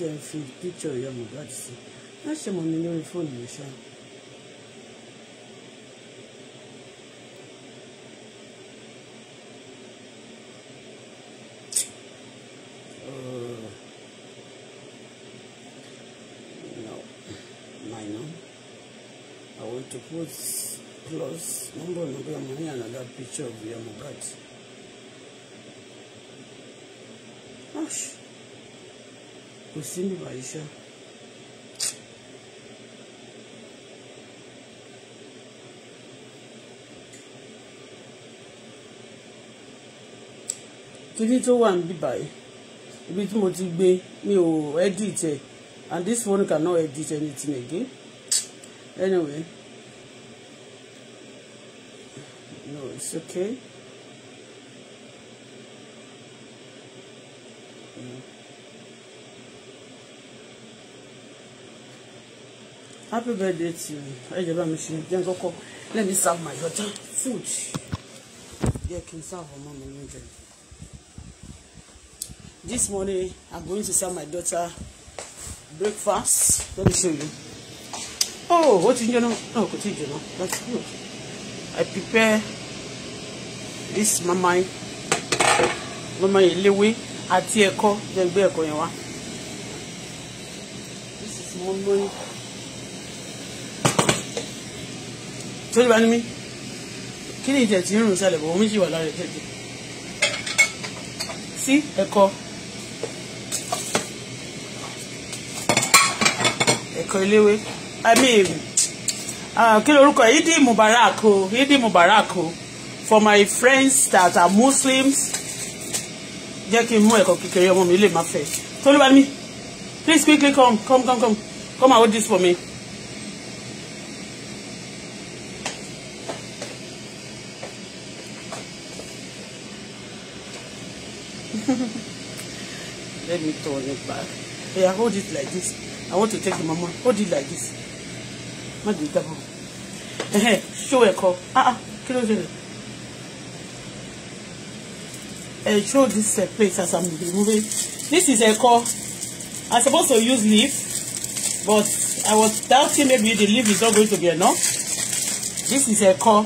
jẹ́ fi píkṣọ̀ ìyá Mohbad sí má ṣe mọ̀ mi lórí fóònù mi ṣáà. Uh, to put plus number number money another picture of your Mohbad. kò sí mi báyìí sá. kíní tó wà níbí báyìí ibi tí mo ti gbé mi ò edit ẹ and this phone cannot edit anything again anyway no it's okay. happy birthday to you ẹ jẹ́ bá mi ṣe jẹ́ kọ́kọ́ let me serve my daughter food yẹ kí n serve ọmọ mi lóúnjẹ this morning i'm going to serve my daughter breakfast let me show you oh what ti ń jẹun náà oh, kò tí ì jẹun that's good i prepare this mama mama you yìí I àti ẹ̀kọ jẹ́ gbé ẹ̀kọ yẹn wá this is morning. tó ti bá ní mí kí ni ìtẹ̀ tí ń rùn sálẹ̀ bò omi sì wà lára ẹ̀ tẹ̀lé sí ẹ̀kọ́ ẹ̀kọ́ eléwé amíhìn kí lorúkọ Idi Mubarak o Idi Mubarak o for my friends that are Muslims jẹ́ kí n mú ẹ̀kọ́ kékeré ọmọ mi lè má fẹ́ tolúwa mi please quickly come come come come come and hold this for me. let me turn it back yeah hold it like this i want to take the mama hold it like this má gbé dábọ̀ ṣó ẹ̀kọ́ ah, ah, kí ló ṣẹlẹ̀ ẹ̀ show this uh, place as i'm removing this is a call. i'm supposed to use leaf but i was doubting maybe the leaf is not going to be enough this is a call.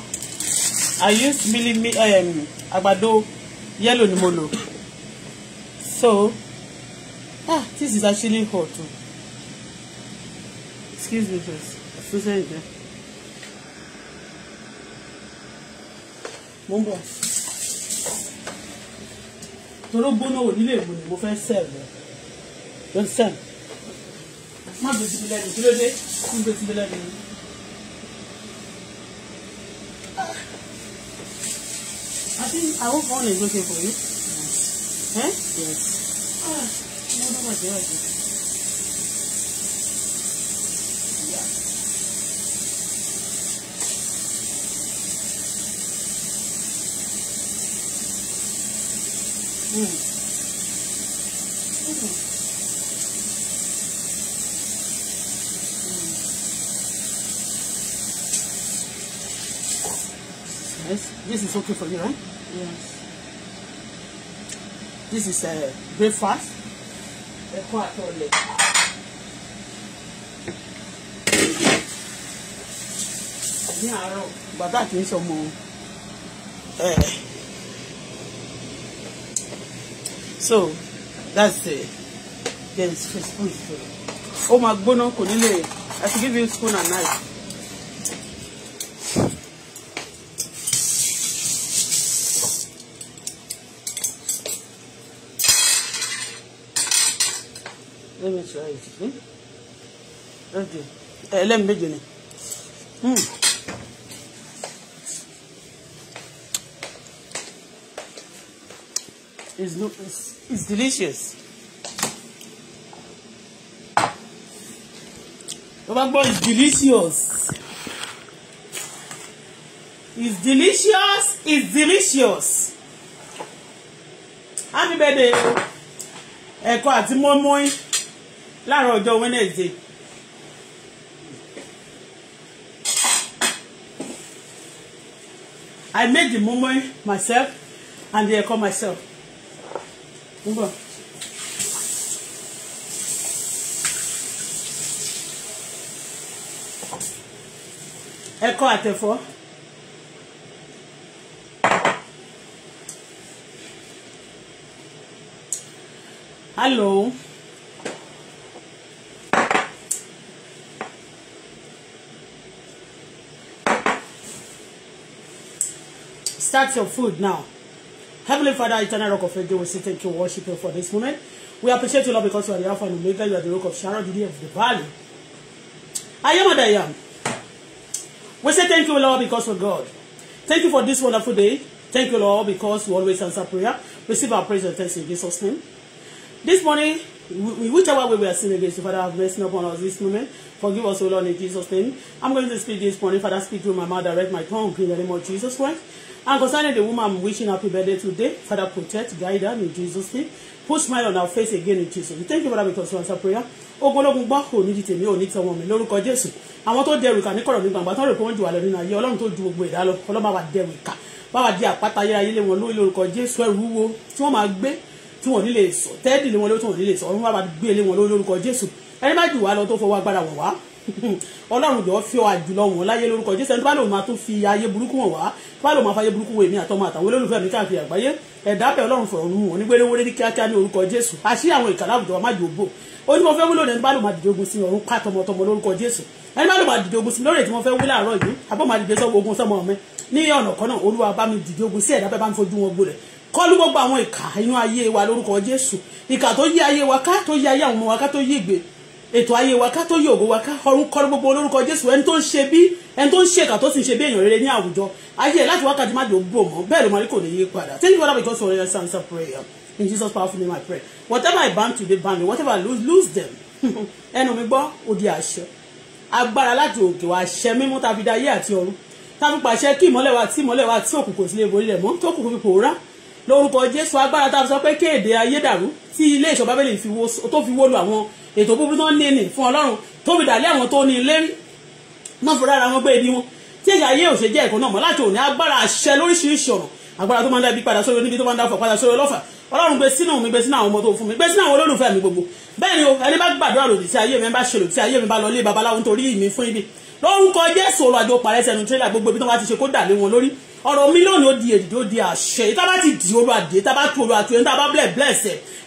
i used milli um, àgbàdo yellow ni so. Ah, this is actually hot. too. Oh. Excuse me, please. So sorry. Mo ń bọ̀. Toro gbóná ò nílé ìbò ni mo fẹ́ sẹ́ẹ̀lì. Don't send. Má gbèsè mi lẹ́nu, kí ló dé? Má gbèsè mi lẹ́nu. Ah. I think I hope all is okay for you. Yes. Eh? Yes. Ah. What am I Yeah. Mm. Mm. Yes, this is okay for you, right? Yes. This is a uh, breakfast. ẹ̀kọ́ àtọ̀lẹ̀. ní àárọ̀. bàbá kì í so that's it then spoon spoon ó máa gbóná kò nílé i should give you a spoon and knife. Hmm? ẹlẹ́mi méje ni hmm. it's, no, it's, it's delicious. Baba boy is delicious. It's delicious. It's delicious. Happy birthday. Ẹ̀kọ́ àti mọ́mọ́ín láàárọ̀ ọjọ́ Wednesday I made the moment myself and the ẹ̀kọ́ myself. Ngbọ. Ẹ̀kọ́ àtẹ̀fọ́. Hello. Start your food now. Heavenly Father, eternal rock of Ages, we say thank you, worship you for this moment. We appreciate you, Lord, because you are the Alpha and Omega, you are the rock of Sharon, the day of the valley. I am what I am. We say thank you, Lord, because of God. Thank you for this wonderful day. Thank you, Lord, because you always answer prayer. Receive our praise and thanks in Jesus' name. This morning, we, whichever way we are sinning against you, Father, have mercy upon us this moment. Forgive us, O Lord, in Jesus' name. I'm going to speak this morning. Father, speak through my mouth, direct my tongue in the name of Jesus Christ. And concerning the woman, I'm wishing happy birthday today. Father, protect, guide her in Jesus' name. Put smile on our face again in Jesus' name. Thank you, Father, because you answer prayer. ogunlógun gbọ́ kò nídìí tèmi ò ní tọmọ mi lórúkọ jésù àwọn tó dẹrù ìkà ní kọ̀rọ̀ ní gbàngbà tó rè pé wọ́n jù wà lọ nínú ayé ọlọ́run tó ju gbogbo ẹ̀dá lọ ọlọ́run máa wà dẹrù ìkà bá wà di àpáta ayérayé lé wọn lórí lórúkọ jésù ẹrù wúwo tí wọ́n máa gbé tí wọ́n nílé sọ tẹ́ẹ̀dì lé wọn lórí tí wọ́n nílé sọ ọlọ́run máa gbé lé wọn lórí lórúkọ jésù ẹni má jù wá lọ tó fọwọ́ agbára wọ̀ wá ọlọ́run jọ fi ọ àjùlọ wọn láyé lórúkọ jésù ẹni tó bá lòun máa tún fi ayé burúkú wọn wá tó bá lòun máa fa ayé burúkú wọn èmi àtọmọ àtàwọn olólùfẹ́ mi káàkiri àgbáyé ẹ̀dá bẹ̀ ọlọ́run fọ̀rọ̀ nù wọn nígbèrè wọlé ní kíákíá ní orúkọ jésù àṣírí àwọn ìkàlà àwùjọ má jò bò ó ní mo fẹ́ wúlò ní ẹni bá lòun máa dìde ogun sí ọ̀run pa tọmọtọmọ lórúkọ jésù ẹni bá lòun máa dìde ogun sí lórí èyí tí mo fẹ́ wí láàárọ̀ yìí àbọ̀ máa dìde sọ́wọ́ ogun sọ́mọ mi ní ọ̀nà kan náà olúwa bá mi dìde ogun sí ẹ̀dá bẹ́ẹ̀ bá mi fojú wọn gbolẹ̀ kọlu gbogbo àwọn ìkà inú ayé wa lórúkọ jésù ìkà tó yí ayé wa ká tó yí ayé àwọn ọmọ wa ká tó yí ìgbé ètò ayé wa ká tó yí ògo wa ká ọrùn kọrin gbogbo olórúkọ jésù ẹni tó ń ṣe bí ẹni tó ń ṣe èkà tó sì ń ṣe bí èèyàn rere ní àwùjọ ayé ẹ láti wákàtí má jò gbò mọ bẹ́ẹ̀ ló máa rí kò ní yí padà thank you father because for your answer prayer in jesus powerful name i pray whatever i ban to today ban me whatever i lose lose them ẹnu mi gbọ́ odi àṣẹ agbára láti òkè wa àṣẹ mímú tàbí da ayé àti ọ̀run tàbí pàṣẹ kí ìmọ́lẹ̀ wa tí ìmọ́lẹ̀ wa tí òkùnkùn sílé borí rẹ̀ mọ́ tó kùnkùn fi pòórá lórúkọ jésù agbára tá a sọ pé kéde ayédàrú tí ilé ìṣọ́ bábélì tó fi wó lu àwọn ètò búburú tó ń ní ní fún ọlọ́run tó fi dàlẹ́ àwọn tó ní lérí wọ́n fi rárá wọn gbé ibi wọn tí èyí ayé ò ṣe jẹ́ ẹ̀kọ́ náà mọ́ láti òní agbára àṣẹ lóríṣiríṣi ọ̀rọ̀ agbára tó máa ń dá ibi padà sórí oníbi tó máa ń dá ọ̀fọ̀ padà sórí ọlọ́fà ọlọ́run gbé sínú mi gbé sínú àwọn ọmọ tó fún mi gbé sínú àwọn olólùfẹ́ mi gbogbo bẹ́ẹ̀ ni o ẹni bá gbàdúrà lòdì sí ayé mi bá ṣe lòdì sí ayé mi bá lọ ilé babaláwo nítorí mi fún ibi lórúkọ Jésù olùwàjò parẹ́sẹ̀ nu tírélà gbogbo ibi tó wá ti ṣe kó dà lé wọn lórí ọ̀rọ̀ mílíọ̀nù ó di èdè ó di àṣẹ ìta bá ti di oru àdé ìta bá tu oru àti ẹni tá blẹ̀ blẹ̀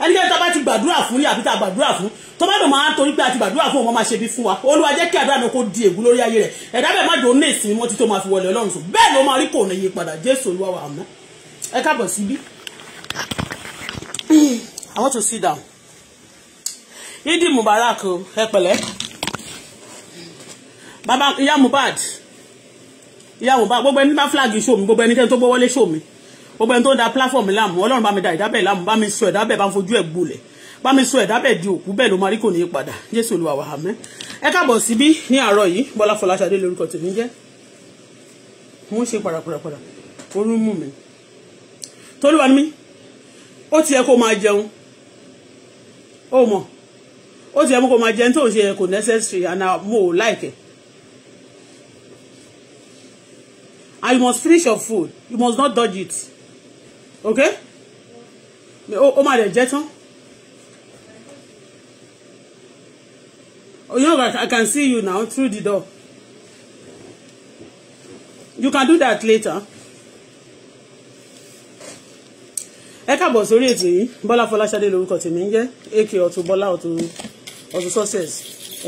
ẹnikẹ́ni tá ti gbàdúrà fún ní tá a gbàdúrà fún tó dùn máa ń torí pé a ti gbàdúrà fún òun máa ṣe bí fún wa olúwa jẹ́ kí àdúrà náà kó di ègún lórí ayé rẹ̀ ẹ̀dá bẹ̀ má dùn ní ìsinmi mọ́ títí ó máa fi wọlé ọlọ́run sùn bẹ́ẹ̀ ló máa rí kò ní yí padà jésù I want to sit down Idi Mubarak ẹ pẹ̀lẹ́ baba ìyá Mohbad ìyàwó bá gbogbo ẹni bá fúlàgì ṣòmí gbogbo ẹni tó gbọ́wọ́lé ṣòmí gbogbo ẹni tó ń da pláfọ̀mù láàmú ọlọ́run bá mi da ìdábẹ̀ láàmú bá mi sọ ìdábẹ̀ bá ń fojú ẹ̀ gbolẹ̀ bá mi sọ ìdábẹ̀ di òkú bẹ́ẹ̀ ló máa rí kò ní í padà jésù olúwa wa àmín ẹ káàbọ̀ síbí ní àárọ̀ yìí bọ́lá fọláṣadé lórúkọ tèmi jẹ́ mo ń ṣe parapàrapàrà orún mú mi tolúwa ni mí ó ti yẹ kó máa jẹun ó mọ̀ ó ti yẹ kó máa jẹun tó ń ṣe kò necessary and uh, mo like it and you must finish your food you must not dodge it okay Oh my, dẹ̀ jẹ́ tán you know I, I can see you now through the door you can do that later. ẹ káàbọ̀ sórí ètò yìí bọ́lá fọláṣadé lórúkọ tèmi ń jẹ́ ak ọ̀tún bọ́lá ọ̀tún ọ̀tún success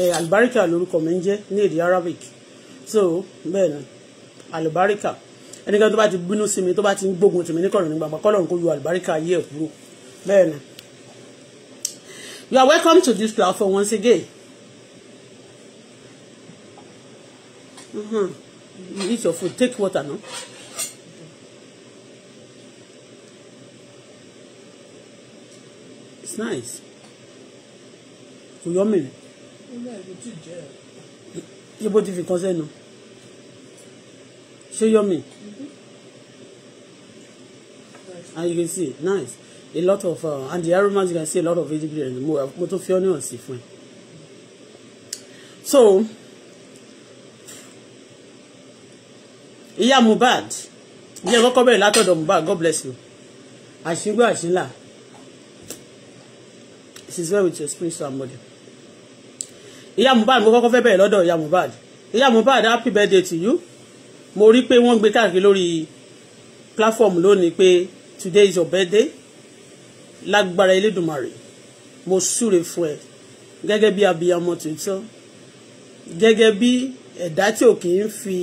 ẹ̀ àlùbáríkà lórúkọ mi ń jẹ́ ní èdè arabic so bẹ́ẹ̀ ni àlùbáríkà ẹnikẹ́ni tó bá ti bínú sí mi tó bá ti ń gbógun tì ní kọ̀rọ̀ gbàgbà kọ́lọ̀ kó yọ àlùbáríkà ayé ẹ̀ kúrò bẹ́ẹ̀ ni. You are welcome to this platform once again. Mm-hmm. You eat your food take water no? It's nice. kò yọ mí. ibo ti fi kan sẹ́nu. Shoyomi. And you can see, nice. A lot of, uh, and the aromas, you can see a lot of vegetables and more. Uh, mo tún fi onion sí fún ẹ. So, Ìyá Mohbad, ìyá kọ́kọ́ bẹ̀rẹ̀ látọ̀dọ̀ Mohbad, God bless you. Àṣìgbọ́ àṣìlà. This is where with your spiritual body. Ìyá Mohbad, mo kọ́kọ́ fẹ́ bẹ̀rẹ̀ lọ́dọ̀ ìyá mubad. Yeah, mubad. happy birthday to you mo rí pé wọ́n gbé káàkiri lórí platform lónìí pé today is your birthday lágbára elédùnmarè mo súre fún ẹ gẹ́gẹ́ bí abiyamọ tòótọ́ gẹ́gẹ́ bí ẹ̀dá tí ò kì í fi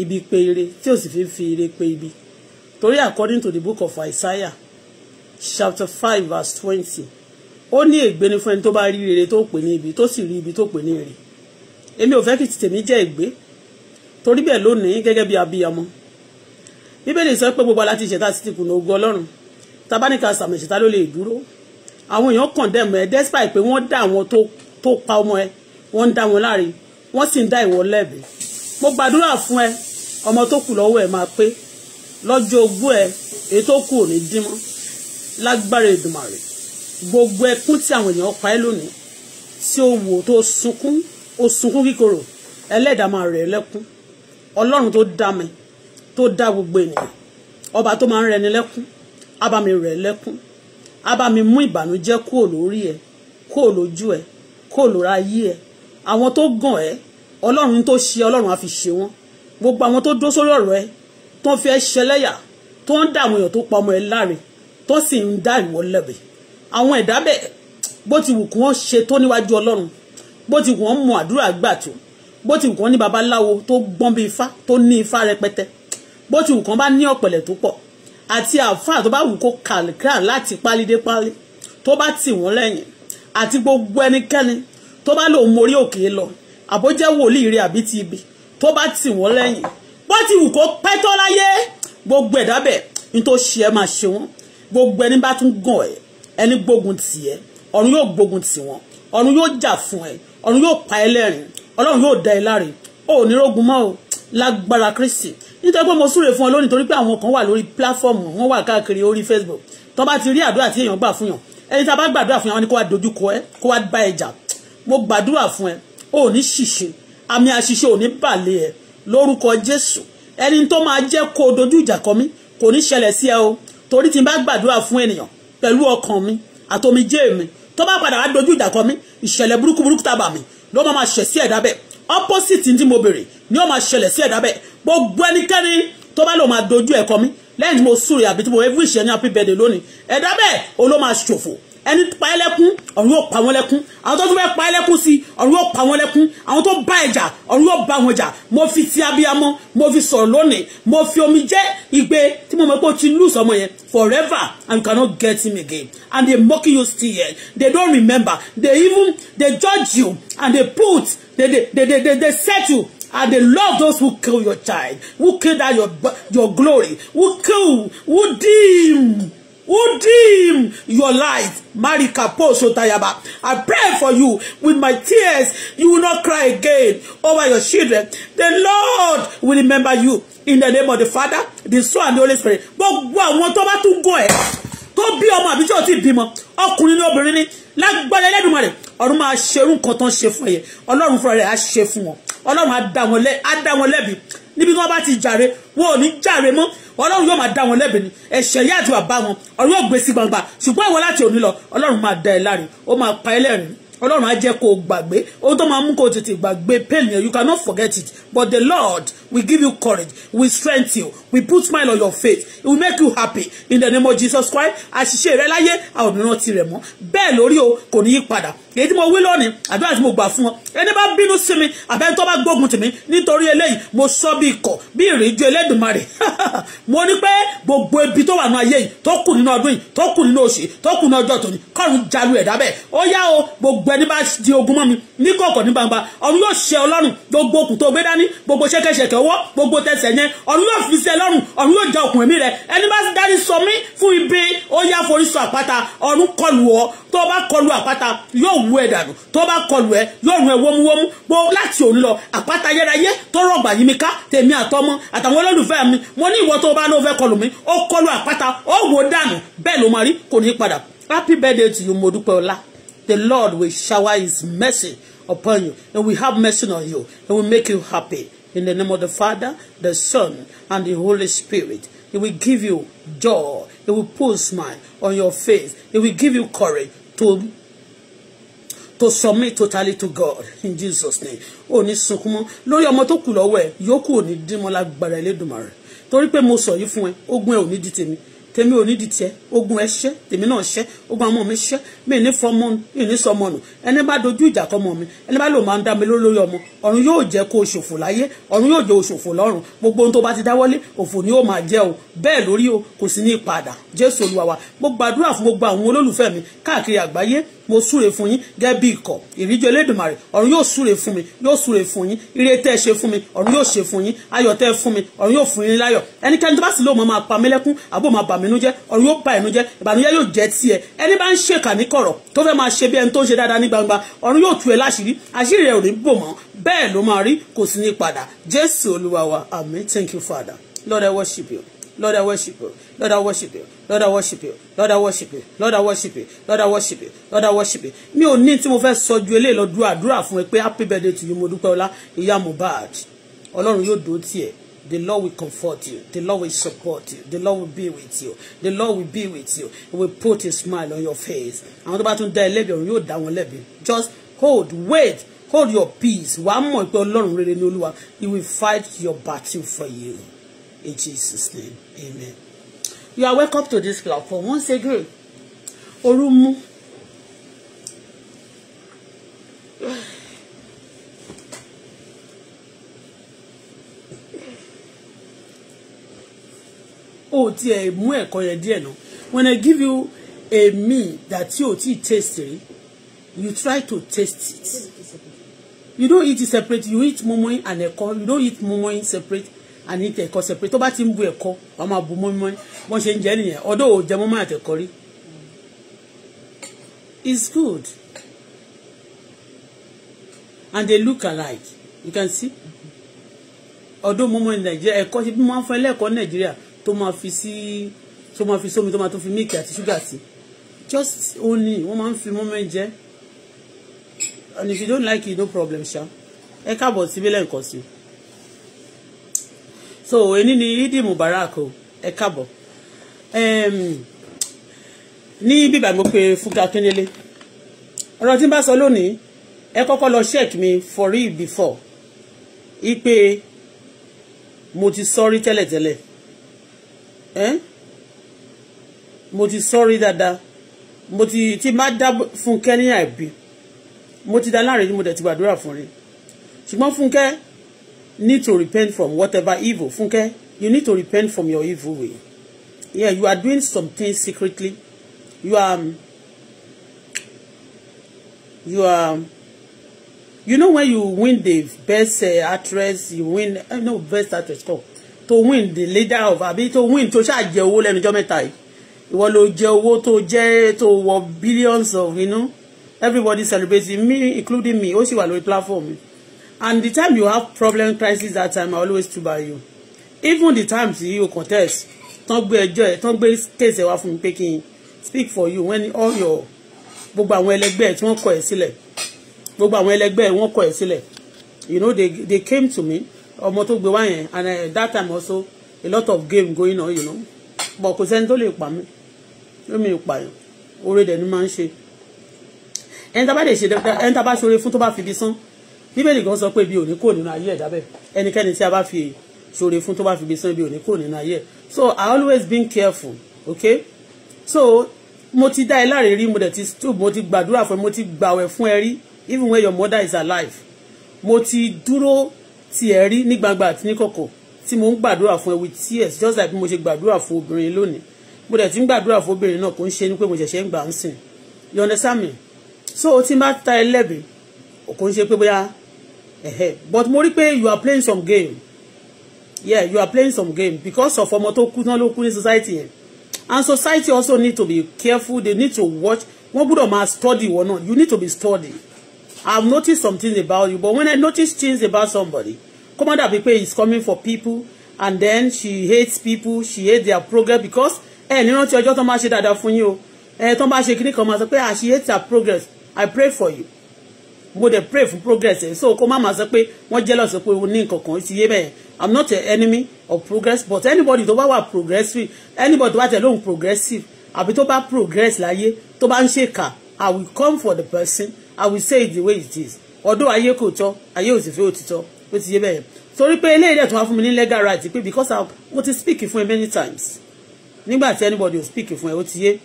ibi pe ire tí ò sì fi fi ire pe ibi torí according to the book of Isaiah chapter five verse twenty ó ní ègbé ni fún ẹni tó bá rí rere tó pè ní ibi tó sì rí ibi tó pè ní ire èmi ò fẹ́ kí tèmi jẹ́ ègbé torí bẹ́ẹ̀ lónìí gẹ́gẹ́ bí abiyamọ bíbélì sọ pé gbogbo aláti ìṣẹ̀ta sí ti kùnà ogun ọlọ́run tabaníkà sàmì ìṣẹ̀ta ló lè dúró àwọn èèyàn kàn dẹ̀mọ̀ ẹ despite pé wọ́n dá àwọn tó pa ọmọ ẹ wọ́n ń dá wọn láre wọ́n sì ń dá ìwọ lẹ́bi mo gbàdúrà fún ẹ ọmọ tó kù lọ́wọ́ ẹ máa pé lọ́jọ́ ogún ẹ èyí tó kù ò ní dín mọ́ lágbára Èdùmàrè gbogbo ẹkún tí àwọn èèyàn pa ẹ lónìí tí ó tó sunkún ó sunkún kíkorò ẹlẹ́dàá máa rẹ̀ lẹ́kún ọlọ́run tó dá mi tó dá gbogbo ènìyàn ọba tó máa ń rẹni lẹ́kún á bá mi rẹ̀ lẹ́kún á bá mi mú ìbànújẹ́ kúrò lórí ẹ kúrò lójú ẹ kúrò lóra ayé ẹ àwọn tó gàn ẹ ọlọ́run tó ṣe ọlọ́run á ṣe wọ́n gbogbo àwọn tó dó sórí ọ̀rọ̀ ẹ tó ń fi ẹ ṣẹlẹ́yà tó ń dààmú èèyàn tó pa ọmọ ẹ láre tó sì ń dá ìwọ lẹ́bi àwọn ẹ̀dá bẹ́ẹ̀ bó ti wù kí wọ́n ṣe tó níwájú ọlọ́run bó ti wù wọ́n mọ àdúrà gbà tó bó ti nǹkan ní babaláwo tó gbọ́n bí ifá tó ní ifá rẹpẹtẹ bó ti nǹkan bá ní ọ̀pẹ̀lẹ̀ tó pọ̀ àti àáfàá tó bá wù kó kàlíkà láti pálídé pálí tó bá tì wọ́n lẹ́yìn àti gbogbo ẹnikẹ́ni tó bá lòun morí òkè lọ àbójẹ́ wòlíì rẹ̀ àbí ti ibi tó bá tì wọ́n lẹ́yìn bó ti wù kó pẹ́ tó láyé gbogbo ẹ̀dá bẹ̀ ní tó ṣe ẹ́ máa ṣe wọ́n gbogbo ẹni bá tún gàn ẹ́ ẹni gbógun tì ẹ́ ọ̀run yóò gbógun tì wọ́n ọ̀run yóò jà fún ẹ ọ̀run yóò pa ẹ́ ọlọ́run yóò da ẹ láre o ò ní rógun mọ́ o lágbára kristi nítorí pé mo súre fún ọ lónìí torí pé àwọn kan wà lórí pílàfọ́ọ̀mù wọn wà káàkiri orí facebook tó bá ti rí àdúrà tí èèyàn gbà fún yàn ẹni tá a bá gbàdúrà fún yàn wọn ni kó wá dojú kọ ẹ kó wá bá ẹ jà mo gbàdúrà fún ẹ o ò ní ṣìṣe àmì àṣìṣe ò ní bàlẹ̀ ẹ lórúkọ jésù ẹni tó máa jẹ́ kó dojú ìjà kọ mí kò ní ṣẹlẹ̀ sí ẹ o torí tí n bá gbàdúrà fún ènìyàn pẹ̀lú ọkàn mi àtomijé mi tó bá padà wá dojú ìjà kọ mí ìṣẹ̀lẹ̀ ló máa ṣẹ̀ sí ẹ̀dá bẹ́ẹ̀ opposite tí mo bèrè ni ó máa ṣẹlẹ̀ sí ẹ̀dá bẹ́ẹ̀ gbogbo ẹnikẹ́ni tó bá lò máa dojú ẹ̀kọ́ mi lẹ́yìn tí mo súre àbí tí mo ewu ìṣẹ́ ní happy lónìí ẹ̀dá bẹ́ẹ̀ o ló máa ṣòfò ẹni pa ẹ́ lẹ́kún ọ̀run yóò pa wọ́n lẹ́kún àwọn tó tún fẹ́ pa ẹ́ lẹ́kún sí ọ̀run yóò pa wọ́n lẹ́kún àwọn tó bá ẹ̀jà ọ̀run yóò bá wọn jà mo fi ti abiyamọ mo fi sọ̀rọ̀ lónìí mo fi omi jẹ́ igbe tí mo mọ̀ pé o ti lose ọmọ yẹn forever and cannot get him again and they mock you still yet they don't remember they even they judge you and they put they they they they, they, they set you and they love those who kill your child who kill that your your glory who kill who deem. Who Udim your light. Marika Poso Tayaba. I pray for you with my tears. You will not cry again over your children. The Lord will remember you in the name of the Father, the Son, and the Holy Spirit. Gbogbo àwọn tó bá tún gọ̀ ẹ́ tó bí ọmọ àbí tí ò tí bímọ ọkùnrin ní obìnrin ní lágbára Ẹlẹ́dùmarè ọ̀run máa ṣerú nǹkan tó ṣe fún ẹ̀yẹ ọlọ́run fúnra rẹ̀ á ṣe fún wọn ọlọ́run á dá wọn lẹ́bi níbi tí wọ́n bá ti jàre wọn ò ní jàre mọ́ ọlọ́run yóò máa dá wọn lẹ́bi ni ẹ̀ṣẹ̀ yá àti bàbá wọn ọ̀run yóò gbé gbangba ṣùgbọ́n ìwọ láti òní lọ ọlọ́run máa dá ẹ láre ó máa pa ẹ́ lẹ́rìn ọlọ́run á jẹ́ kó o gbàgbé ohun tó máa mú kó o tètè gbàgbé pain yẹn you cannot forget it but the lord will give you courage will strengthen you will put smile on your face it will make you happy in the name of jesus christ àṣìṣe rẹ láyé àwọn mìíràn ti rẹ̀ mọ́ bẹ́ẹ̀ lórí o kò ní yí padà èyí tí mo wí lónìí àdúrà tí mo gbà fún wọn ẹni bá bínú sí mi àbẹ́ni tó bá gbógun tì mí nítorí eléyìí mo sọ bí ikọ̀ bí ìrìnjú Elédùmarè mo ní pé gbogbo ibi tó wà nínú ayé yìí tó kù nínú ọdún yìí tó kù nínú oṣù tó kù nínú ọjọ́ tòní kọ́run jalu ẹ̀dá bẹ́ẹ̀ ó yá o gbogbo ẹni bá di ogun mọ́ mi ní kọ̀ọ̀kan ní gbangba ọ̀run yóò ṣe ọlọ́run gbogbo okùn tó gbé dání gbogbo ṣẹkẹṣẹkẹ ọwọ́ gbogbo tẹsẹ̀ yẹn ọ̀run yóò fi ṣe lọ́rùn ọ̀run yóò ja okùn ẹ̀mí rẹ ẹni bá dání sọ mí fún ibi ó yá forí sọ àpáta ọ̀run kọlù ọ tó bá kọlù àpáta yóò yóò mú dànù tó bá kọlù ẹ yóò ẹ wómúwómú gbó láti òun lọ àpáta ayérayé tó rọgbà yìí mi ká tèmi àtọmọ àtàwọn olólùfẹ́ mi mo ní ìwọ tó bá ló fẹ́ kọlù mi ó kọlù àpáta ó wò dànù bẹ́ẹ̀ ló máa rí kò ní padà happy birthday to you mo dúpẹ́ ọlá the lord will shower his mercy upon you and will have mercy on you and will make you happy in the name of the father the son and the holy spirit. He will give you joy. He will put smile on your face. He will give you courage to to submit totally to God in Jesus name ò ni sunkún mọ́ lórí ọmọ tó kù lọ́wọ́ ẹ yòókù ò ní dín mọ́ lágbára Elédùmarè torí pé mo sọ yìí fún ẹ ogun ẹ ò ní di tèmi tèmi ò ní di tiẹ ogun ẹ ṣẹ tèmi náà ṣẹ ogun àwọn mi ṣẹ mi ní fọmọ mi ní sọmọ nù ẹni bá dojú ìjà kọ ọmọ mi ẹni bá lò máa ń dá mi lórí ọmọ ọ̀run yóò Je kó o ṣòfò láyé ọ̀run yóò jẹ́ o gbogbo ohun tó bá ti dáwọ́lé òfò ni ó máa jẹ́ o bẹ́ẹ̀ lórí o kò sí ní ìpadà Jésù Olúwa wa mo gbàdúrà fún gbogbo àwọn olólùfẹ́ mi káàkiri àgbáyé mo súre fún yín gẹ́gẹ́ bí ikọ̀ ìríjú elédùnmarè ọ̀run yóò súre fún mi yóò súre fún yín ire tẹ́ ẹ ṣe fún mi ọ̀run yóò ṣe fún yín ayọ̀ tẹ́ ẹ fún mi ọ̀run yóò fún yín láyọ̀ ẹnikẹ́ni tó bá sì lóun máa pa mí lẹ́kún àbò máa bà mí nú jẹ́ ọ̀run yóò bà ẹnu jẹ́ ìbànújẹ́ yóò jẹ́ tiẹ̀ ẹni bá ń ṣèkà ní kọ̀rọ̀ tó fẹ́ máa ṣe bí ẹni tó ń ṣe dáadáa ní gbangba ọ̀run yóò tú ẹ láṣìírí àṣírí rẹ ò ní bò mọ́ bẹ́ẹ̀ ló máa rí kò sí ní padà Jésù Olúwa wa àmín thank you Father Lord I worship you. Lord, I worship you. Lord, I worship you. Lord, I worship you. Lord, I worship you. Lord, I worship you. Lord, I worship you. Lord, I worship you. Mi ò ní tí mo fẹ́ sọ ju eléyìí lọ dúró àdúrà fún ẹ pé happy birthday to you mo dúpẹ́ mo bad. Olorun Ọlọ́run yóò dó tiẹ̀. The Lord will comfort you. The Lord will support you. The Lord will be with you. The Lord will be with you. He will put a smile on your face. Àwọn tó bá tún dá ẹ lẹ́bi ọ̀run yóò dá wọn lẹ́bi. Just hold, wait, hold your peace. Wàá mọ̀ pé Ọlọ́run rere ni Olúwa. He will fight your battle for you. In Jesus' name, amen. You are welcome to this platform. Once again, Orumu. Oh, dear, mú ẹ̀kọ́ yẹn díẹ̀ náà. When I give you a meal that you ti taste, it, you try to taste it. You don't eat it separate. You eat mumoy and ẹ̀kọ. You don't eat mumoy separate àní ẹ̀kọ́ separate tó bá ti ń bu ẹ̀kọ́ wàá máa bu mọ́mọ́ wọ́n ṣe ń jẹ́ nìyẹn ọdọ́ ò jẹ mọ́mọ́ àtẹ̀kọ́ rí it's good and they look alike you can see ọdún mọ́mọ́ ní nàìjíríà ẹ̀kọ́ ṣe bí wọ́n fún ẹlẹ́kọ́ nàìjíríà tó máa fi sí tó máa fi sómi tó máa tó fi míìkì àti ṣúgà sí just only wọ́n máa ń fi mọ́mọ́ jẹ́ and if you don't like it no problem ṣá ẹ káàbọ̀ síbí lẹ́ǹkan sí i so èní ni Eid Mubarak o ẹ káàbọ̀ ní bíbá mo pe Fúnkẹ́ Akíndélé ọ̀rọ̀ tí n bá sọ lónìí ẹ kọ́kọ́ lọ check mi for real before ipe mo ti sọ́rí tẹ́lẹ̀tẹ́lẹ̀ mo ti sọ́rí dáadáa mo ti ti má dá Fúnkẹ́ ní àìbí mo ti dá láàrin ni mo dẹ̀ ti gbàdúrà fún rí ṣùgbọ́n Fúnkẹ́ need to repent from whatever evil. Funke, you need to repent from your evil way. Yeah, you are doing something secretly. You are, um, you are, um, you know when you win the best uh, actress, you win, I uh, know best actress, talk. To win the leader of àbí to win to charge jẹ whole lẹ́nu jọ́ mẹ́ta yìí. Ìwọ ló jẹ owó tó jẹ́ billions of, you know, everybody celebrating me, including me, ó sì wà lórí platform and the time you have problem crisis that time I always stood by you even the times you contest tán gbé ẹjọ́ ẹ tán gbé case ẹ wá fún mi speak for you when all your gbogbo àwọn ẹlẹgbẹ́ ẹ tí wọ́n kọ̀ ẹ́ gbogbo àwọn ẹlẹgbẹ́ ẹ wọ́n kọ̀ ẹ́ you know they they came to me ọmọ tó gbé wá yẹn and uh, that time also a lot of game going on you know but kò sẹ́ni tó lè pa mí lómi ìpààyàn oore dẹ̀ ni máa ń ṣe ẹni tá bá dẹ̀ ṣe ẹni tá bá ṣe oore fún tó bá fi ibi sán bíbélì gan sọ pé ibi ò ní kò nínú ayé ẹ̀dá bẹ́ẹ̀ ẹnikẹ́ni tí a bá fi ṣoore fún tó bá fi gbé sán ibi ò ní kò nínú ayé ẹ̀ so i always been careful okay so mo ti dá ẹ láre rí mo dẹ̀ ti stoop mo ti gbàdúrà fún ẹ mo ti gbàwẹ̀ fún ẹ rí even when your mother is alive mo ti dúró ti ẹ rí ní gbangba àti ní kọ̀kọ̀ tí mo ń gbàdúrà fún ẹ with tears just like mo ṣe gbàdúrà fún obìnrin lónìí mo dẹ̀ ti ń gbàdúrà fún obìnrin náà kò ń ṣe ni pé mo ṣẹ̀ṣẹ̀ ń gbà ń sìn you understand me so o ti máa ta ẹ lẹ́bi kò ń ṣe pé bóyá but mo rí pé you are playing some game yeah you are playing some game because of ọmọ tó kú náà ló kú ní society yẹn and society also need to be careful they need to watch wọ́n gbọ́dọ̀ máa study wọn náà you need to be study i have noticed some things about you but when i notice things about somebody commander pipe is coming for people and then she hates people she hates their progress because ẹ ní rántí ọjọ́ tó máa ṣe dáadáa fún yín o ẹ tó máa ṣe kíní kan máa sọ pé ah she hates her progress i pray for you mo dẹ̀ pray for progress eh? so kó má máa sọ pé wọ́n jealous pé o ní nǹkan kan ó ti yé bẹ́ẹ̀ i'm not an enemy of progress but anybody tó bá wà progressive anybody tó bá tẹ̀ lóhùn progressive àbí tó bá progress láyé tó bá ń ṣèkà i will come for the person i will say the way it is ọdún ayé kò tọ́ ayé ò sì fẹ́ òtítọ́ ó ti yé bẹ́ẹ̀ torí pé eléyìí dẹ̀ tún wá fún mi ní legal right pé because mo ti speak fún ẹ many times nígbà tí anybody ò speak fún ẹ ó ti yé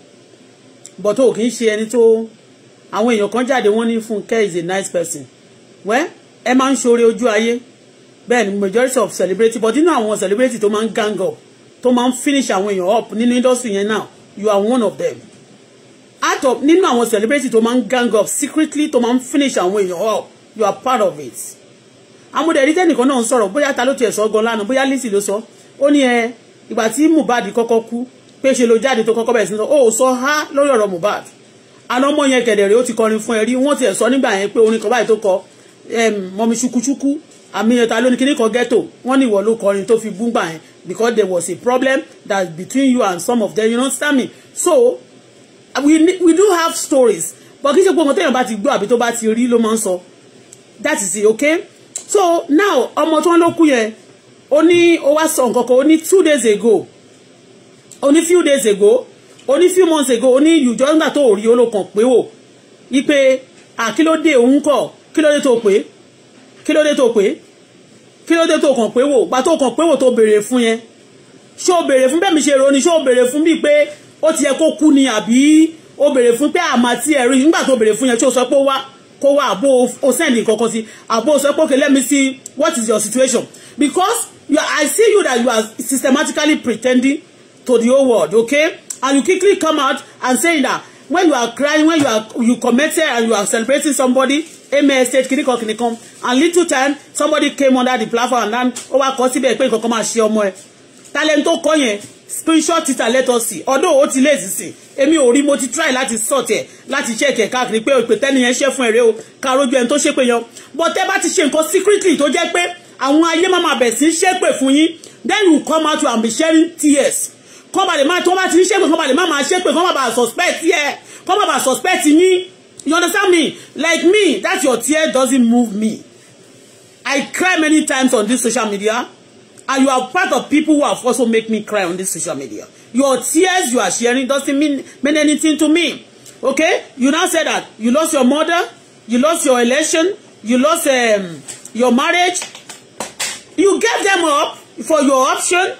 but o kì í ṣe ẹni tó àwọn èèyàn kan jáde wọ́n ní Fúnkẹ́ is a nice person well ẹ máa ń ṣoore ojú ayé bẹ́ẹ̀ ni majority of celebrity but nínú àwọn celebrity tó máa ń gang up tó máa ń finish àwọn èèyàn up nínú industry yẹn now you are one of them out of nínú àwọn celebrity tó máa ń gang up secretly tó máa ń finish àwọn èèyàn up you are part of it amúdẹ̀rí ah, tẹ́nìkan náà ń sọ̀rọ̀ bóyá ta ló tiẹ̀ sọ gan lánàá bóyá lisi ló sọ ó ní ẹ ìgbà tí Mohbad kọ́kọ́ kú pé ṣe ló jáde tó kọ́kọ́ bẹ̀rẹ̀ sí ní sọ ó sọ há lórí ọ̀rọ̀ Mohbad àná ọmọ yẹn kẹ̀dẹ̀ rèé ó ti kọrin fún ẹ rí wọ́n ti ẹ̀ sọ nígbà yẹn pé orin kan báyìí tó kọ mọ̀mí ṣukúṣukú àmì yẹn ta lónìí kíní kan ghetto wọ́n ní ìwọ ló kọrin tó fi gbúngbà yẹn because there was a problem that between you and some of them you understand me so we we do have stories but kì í ṣe pé ọmọ téèyàn bá ti gbọ́ àbí tó bá ti rí ló máa ń sọ that is it okay so now ọmọ tí wọ́n ló kú yẹn ó ní ó wá sọ nǹkan kan ó ní two days ago ó ní few days ago ó few months ago ó ní ìyùjọ́ nígbà tó rí olókan pé wò wípé àkílódé òun kọ̀ kílódé tó pé kílódé tó pé kílódé tó kàn pé wò gbà to kàn pé wò to béèrè fún yẹn ṣé o béèrè fún bẹ́ẹ̀ mi ṣe roni ṣé o béèrè fún bíi pé ó ti yẹ kó kú ni àbí o béèrè fún pé àmà tí ẹ rí nígbà tó béèrè fún yẹn tí o sọ pé ó wá kó wá o send nǹkan kan sí so o sọ okay let me see what is your situation because you, I see you that you are systematically pretending to the whole world okay and you quickly come out and saying that when you are crying when you are you committed and you are celebrating somebody amen estate kìnnìkan kìnnìkan and little time somebody came under the platform and then ó wá kọ síbẹ̀ pé nǹkan kan máa ṣe ọmọ ẹ̀ talent kọ yẹn screenshot títà let us see ọdún ó ti léèsì sí èmi ò rí mo ti try láti sort ẹ̀ láti check ẹ̀ káàkiri pé òpè tẹ́ni yẹn ṣẹ́ fún ẹ̀rẹ́ o ká rójú ẹni tó ṣépè yan but tẹ́ bá ti ṣe nǹkan secretly tó jẹ́ pé àwọn ayé má máa bẹ̀ sí ṣépè fún yín then you come out and be sharing tears kọ́ bá lè máa tí wọ́n bá ti ń ṣépè kọ́ bá lè má máa ṣépè kọ́ bá bá suspect yẹ kọ́ bá bá suspect yín you understand me like me that your tear doesn't move me I cry many times on this social media and you are part of people who have also make me cry on this social media your tears you are sharing doesn't mean mean anything to me okay you now say that you lost your mother you lost your election you lost um, your marriage you gave them up for your option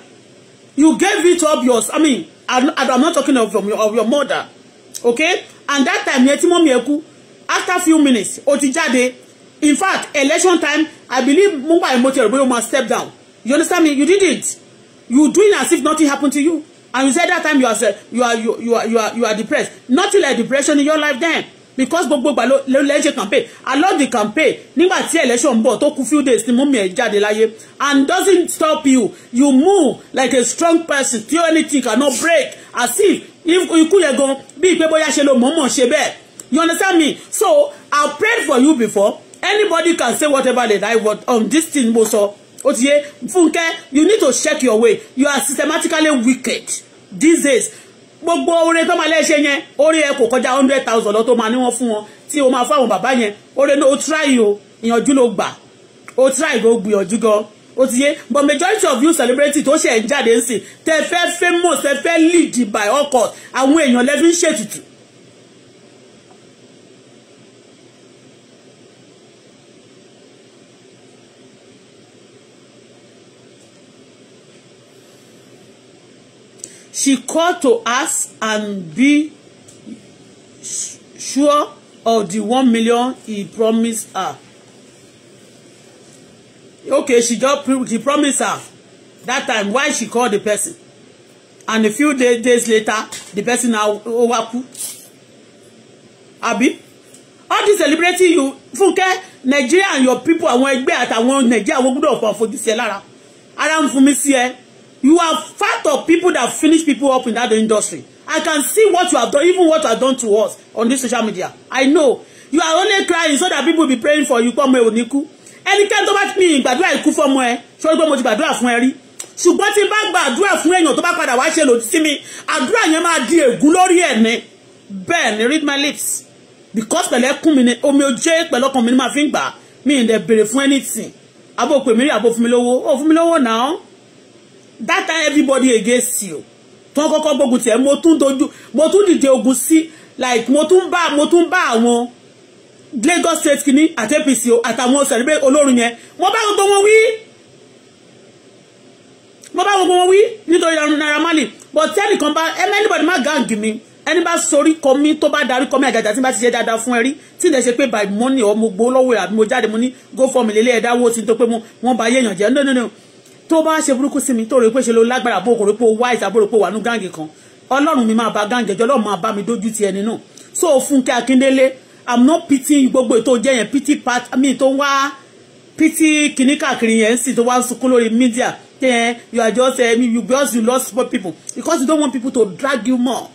You gave it up yours. I mean, I'm, I'm not talking of your, of your mother. Okay? And that time, yẹn tí mọ́mí ẹ after few minutes, ó ti jáde. In fact, election time, I believe Mumba and Moti Arboyo must step down. You understand me? You did it. You doing as if nothing happened to you. And you said that time you are you are you, you are you are you are depressed. Nothing like depression in your life then because gbogbo gbà ló lẹ́ ṣe campaign along the campaign nígbà tí election ń bọ̀ tó kù few days ni mú mi ẹ̀ jáde láyé and doesn't stop you you move like a strong person tí anything cannot break as if ikú yẹn gan bíi pé bóyá ṣe ló mọ̀ọ́mọ̀ ṣe bẹ́ẹ̀ you understand me so I prayed for you before anybody can say whatever they like but on this thing mo sọ ó ti yé Fúnkẹ́ you need to check your way you are systematically wicked these days gbogbo oore tó máa lẹ́ṣẹ̀ yẹn orí ẹ kò kọjá hundred thousand lọ tó máa ní wọ́n fún wọn tí o máa fáwọn bàbá yẹn oore náà o try o ìyànjú ló gbà o try go gbìyànjú gan o ti yé but majority of you celebrity tó ṣe ń jáde ń sìn tẹ fẹ́ famous tẹ fẹ́ lead by all cost àwọn èèyàn lẹ́fí ń ṣètùtù she called to ask and be sure of the one million he promised her. Okay, she just he promised her that time why she called the person. And a few day, days later, the person now overku. Abi, all this celebrating you, Funke, Nigeria and your people, àwọn ẹgbẹ́ àtàwọn Nigeria, àwọn gbọ́dọ̀ fọ́ fojú sí ẹ lára. Ara ń fún mi sí ẹ. You are part of people that finish people up in that industry. I can see what you have done, even what you have done to us on this social media. I know. You are only crying so that people be praying for you. Pọ́mọ ò ní kú. Ẹnikẹ́ni tó bá mi gbàdúrà ikú fọ́mọ ẹ, sọ́rí pé mo ti gbàdúrà fún ẹ rí. Ṣùgbọ́n tí n bá gbàdúrà fún èèyàn tó bá padà wá ṣe lòdì sí mi, àdúrà yẹn máa di ègún lórí ẹ̀ ni. Bẹ́ẹ̀ ni read my lips. Because pẹ̀lẹ́kùn mi ni omi ojé pẹ̀lọ́kàn mi ni máa fi ń gbà. Mi ì dẹ̀ béèrè fún anything. Abó pèmí rí àbó fún mi lówó. Ó fún mi lówó náà that time everybody against you tó kọ́kọ́ gbógun tiẹ̀ mo tún dojú mo tún dìde ogun sí like mo tún bá mo tún bá àwọn Lagos state kìíní àti APC o àtàwọn sẹ̀rẹ̀bẹ̀ olórin yẹn mo bá gbogbo wọn wí mo bá gbogbo wọn wí nítorí ọ̀run Naira Marley but tẹ́nìkan bá anybody má gàǹgì mi ẹni bá sorí kọ mí tó bá darí kọ mí àjàjà tí n bá ti ṣe dáadáa fún ẹ rí tí ìdẹ ṣe pé by money ọ mo gbowó lọ́wọ́ àbí mo jáde mo ní go for me lélẹ̀ ẹ̀dáwó tí n tó pé mo wọ́n bá yéèyàn jẹ́ no no no tó bá ṣe burúkú sí mi tó rè pé ṣe ló lágbára bó kò rè pé wise àbúrò pé wà nú gáǹgì kan ọlọ́run mi máa ba gáǹgì ẹjọ́ ọlọ́run máa bá mi dójú ti ẹni náà so Fúnkẹ́ Akíndélé i'm not pitying gbogbo ètò jẹ́ yẹn pity part mi tó wá pity kìíní káàkiri yẹn sì tó wá sunkún lórí media yẹn you are just uh, you because you lost poor people because you don't want people to drag you more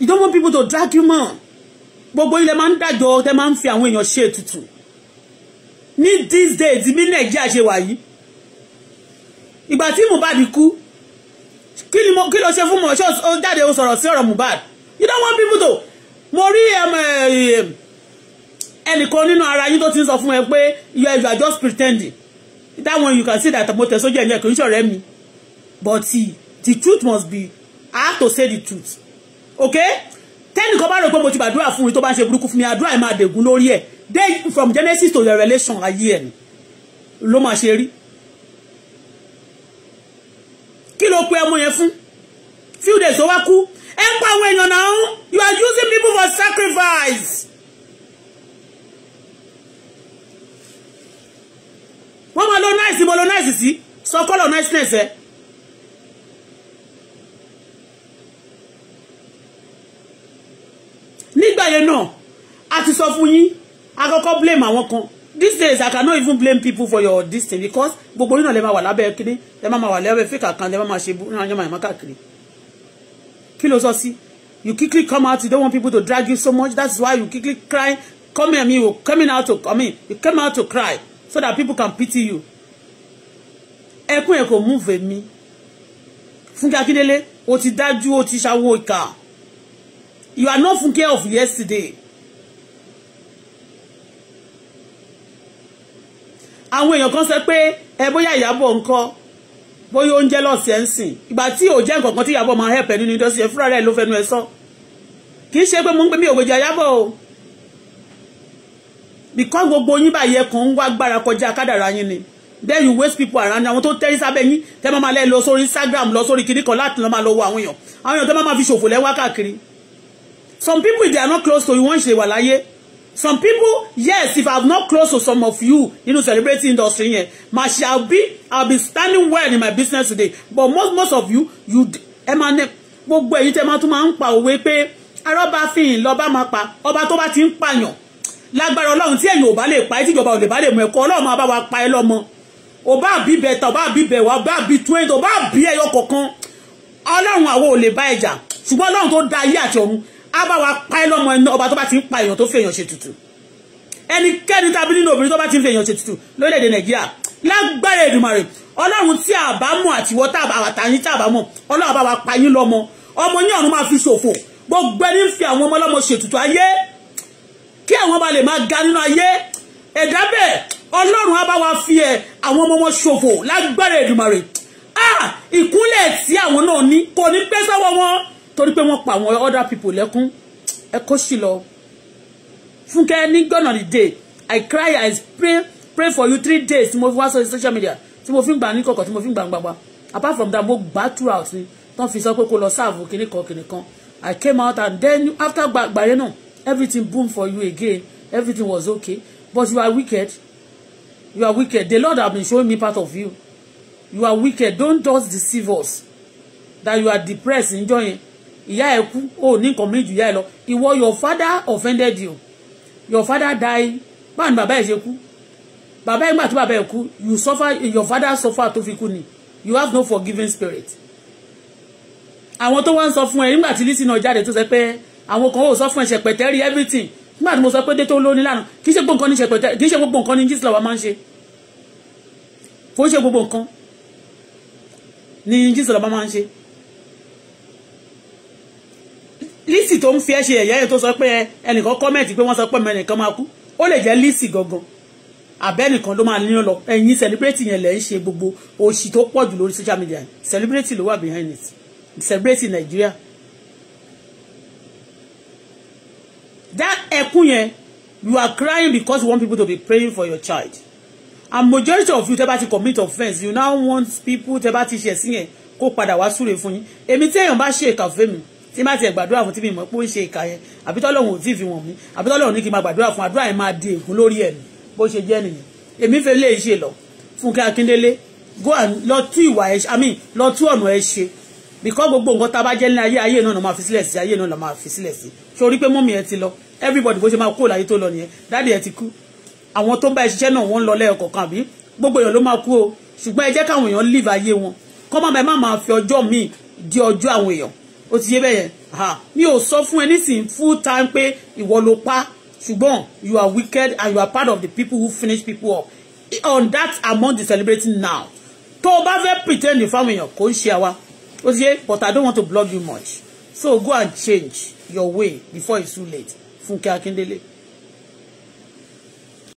you don't want people to drag you more gbogbo ilẹ̀ máa ń dájọ́ tẹ́ máa ń fi àwọn èèyàn ṣe ètùtù ní these days bí nàìjíríà ṣe wà yìí ìgbà tí Mohbad kú kí ni mo kí ló ṣe fún mo ṣọ́ ó jáde ó sọ̀rọ̀ sí ọ̀rọ̀ Mohbad you don't want people to mo rí um, um, ẹnìkan nínú ara yín tó ti ń sọ fún ẹ pé you are, you are just pretending that one you can see that mo tẹ̀ sójú ẹ̀yìn ẹ̀kọ́ ìṣọ̀rẹ́ mi but the, the truth must be I have to say the truth okay tẹ́nìkan bá rò pé mo ti gbàdúrà fún mi tó bá ń ṣe burúkú fún mi àdúrà ẹ̀ máa dègún lórí ẹ̀ dé from Genesis to the Revelation ayé ẹ̀ ló máa ṣe rí kí ló pe ọmọ yẹn fún few days ó wá kú ẹ ń pa àwọn èèyàn náà you are using people for sacrifice. wọ́n máa lo nice mo lo nice sí sọ kọ́lọ̀ niceness ẹ. nígbà yẹn náà a ti sọ fún yín I akọ́kọ́ blame my work. these days I cannot even blame people for your this thing because gbogbo nínú lè máa wà lábẹ́ kíní lè máa wà lábẹ́ fíkà kan lè máa ṣe you quickly come out you don't want people to drag you so much that's why you quickly cry come here, me you coming out to come in. you come out to cry so that people can pity you ẹkún ẹ kò move me. Fúnkẹ́ Akíndélé o ti dájú o ti ṣàwó you are not Fúnkẹ́ of yesterday. àwọn èèyàn kan sọ pé ẹ bóyá Ìyábọ̀ ńkọ́ bóyá oúnjẹ lọ́sẹ̀ ń sìn ìgbà tí ò jẹ́ nǹkan kan tí Ìyábọ̀ máa hẹ̀pẹ̀ nínú ìdọ́sí ẹ̀ fúnra rẹ̀ ló fẹnu ẹ̀ sọ kì í ṣe pé mo ń pè mí ògbèjà Ìyábọ̀ o because gbogbo yín báyìí ẹ̀kan ń wá gbára kọjá kádàrá yín ni then you waste people around àwọn tó tẹ́rí sábẹ́ yín tẹ́ máa lẹ́ lọ sórí Instagram lọ sórí kìnnìkan láti lọ́ máa lọ wo àwọn èèyàn àwọn èèyàn tẹ́ máa fi ṣòfò lẹ́wà káàkiri some people they are not close to you wọ́n ṣe wà láyé Some people, yes, if I'm not close to some of you, you know, celebrating industry here, my shall be, I'll be standing well in my business today. But most, most of you, you, Emmanuel, gbogbo èyí tẹ́ máa tún máa ń pa òwe pé arọ́bá fihìn lọ́ba máa pa ọba tó bá ti ń pààyàn lágbára ọlọ́run tí ẹ̀yin ò bá pa ẹ́ tíjọba ò lè bá lè mú ẹ̀kọ́ ọlọ́run wa pa ẹ́ lọ́mọ ò bi bí bẹ̀tà bi bá bí bẹ̀wà ò bá bí bi ò bá bí ẹyọ kọ̀ọ̀kan ọlọ́run àwo ò lè bá ẹ̀jà ṣùgbọ́n ọlọ́run tó dá ayé àti ọ̀run á wa pa ẹ́ lọ́mọ iná ọba tó bá ti ń pa èèyàn tó fi èèyàn ṣe tutù ẹnikẹ́ni tàbí nínú obìnrin tó bá ti ń fi èèyàn ṣe tutù lórílẹ̀‐èdè nàìjíríà lágbára Èdùmàrè ọlọ́run tí àbámọ̀ àtiwọ́ ba mo ọlọ́run bá wa pa yín lọ́mọ ọmọ yín ọ̀run máa fi ṣòfò gbogbo ẹni ń fi àwọn ọmọ ọlọ́mọ ṣètùtù ayé kí àwọn ọba lè máa ga nínú ayé ẹ̀dá bẹ́ẹ̀ ọlọ́run á bá wa fi ẹ̀ àwọn ọmọ wọn ṣòfò lágbára Èdùmàrè ah ìkúnlẹ̀ tí àwọn náà ní kò ní pẹ́ sọ́wọ́ wọn torí pé wọ́n pa àwọn other people lẹ́kún ẹ kó sì lọ. Fúnkẹ́ ní gone the day I cry I pray pray for you three days tí mo fi wá sórí social media tí mo fi ń gbà ní kọ̀kọ̀ tí mo fi ń gbà gbàgbà apart from that mo gbà throughout ni tán fi sọ pé kó lọ sáàbù kìnnì kan kìnnì kan I came out and then after gbàgbà yẹn náà everything boom for you again everything was okay but you are wicked you are wicked the Lord have been showing me part of you you are wicked don't just deceive us that you are depressed enjoying ìyá ẹ kú o ní nǹkan méjì ìyá ẹ lọ ìwọ your father offended you your father die báwo ni bàbá ẹ ṣe kú bàbá ẹ gbà tó bàbá ẹ kú you suffer your father suffer tó fi kú ni you have no forgiving spirit àwọn tó wá ń sọ fún ẹ nígbà tí lísì náà jáde tó sọ pé àwọn kan ò sọ fún ẹ ṣẹpẹtẹrí everything nígbà tí mo sọ pé dé tó lóní lánàá kì í ṣe gbogbo nǹkan ní ṣẹpẹtẹ kì í ṣe gbogbo nǹkan ní jíṣìlá wa máa ń ṣe kò ń ṣe gbogbo nǹkan ní jíṣìlá wa máa ń ṣe Lizzy tó ń fi ẹ́ ṣe ẹ̀yẹ́ yẹn tó sọ pé ẹnìkan kọ́mẹ̀ntì pé wọ́n sọ pé ẹnìkan máa kú ó lè jẹ́ Lizzy gangan àbẹ́nìkan ló máa níyàn lọ ẹ̀yin celebrate yẹn lẹ́ ń ṣe gbogbo òṣì tó pọ̀ jù lórí social media celebrate ló wà behind it celebrate Nigeria that ẹkún yẹn you are crying because you want people to be praying for your child and majority of you tẹ́ bá ti commit offence you now want people tẹ́ bá ti ṣẹ̀ sí yẹn kó padà wá súre fún yín èmi tí èèyàn bá ṣe ìkàfé mi tí má tiẹ̀ gbàdúrà fún tí mi mọ̀ pé ó ń ṣe ìka yẹn àbí tọ́lọ́hún ò tí ì fi wọ̀n mí àbí tọ́lọ́hún ní kí n máa gbàdúrà fún àdúrà yẹn máa di ègún lórí ẹ̀ bó ṣe jẹ́ nìyẹn èmi fẹ́ lè ṣe lọ Fúnkẹ́ Akíndélé go and lọ tú ìwà ẹ̀ ṣe i lọ tú ọ̀nà ẹ̀ ṣe because gbogbo nǹkan tá a bá jẹ́ ní ayé ayé náà ló máa fi sílẹ̀ sí ayé náà ló máa fi sílẹ̀ sí sórí pé mọ́mí ẹ everybody bó ṣe máa kó láyé tó lọ nìyẹn dáàdì ẹ ti kú àwọn tó ń bá ẹ ṣiṣẹ́ náà wọ́n ń lọ lẹ́ẹ̀kọ̀ọ̀kan àbí gbogbo èèyàn ló máa kú o ṣùgbọ́n ẹ ó ti yé bẹ́ẹ̀ yẹn mi ò sọ fún ẹ nísìn full time pé ìwọ ló pa ṣùgbọ́n you are wicked and you are part of the people who finish people up on that among the celebrating now tó o bá fẹ́ pretend fáwọn èèyàn kò ń ṣe àwa ó ti yé but I don't want to block you much so go and change your way before it's too late Funke Akíndélé.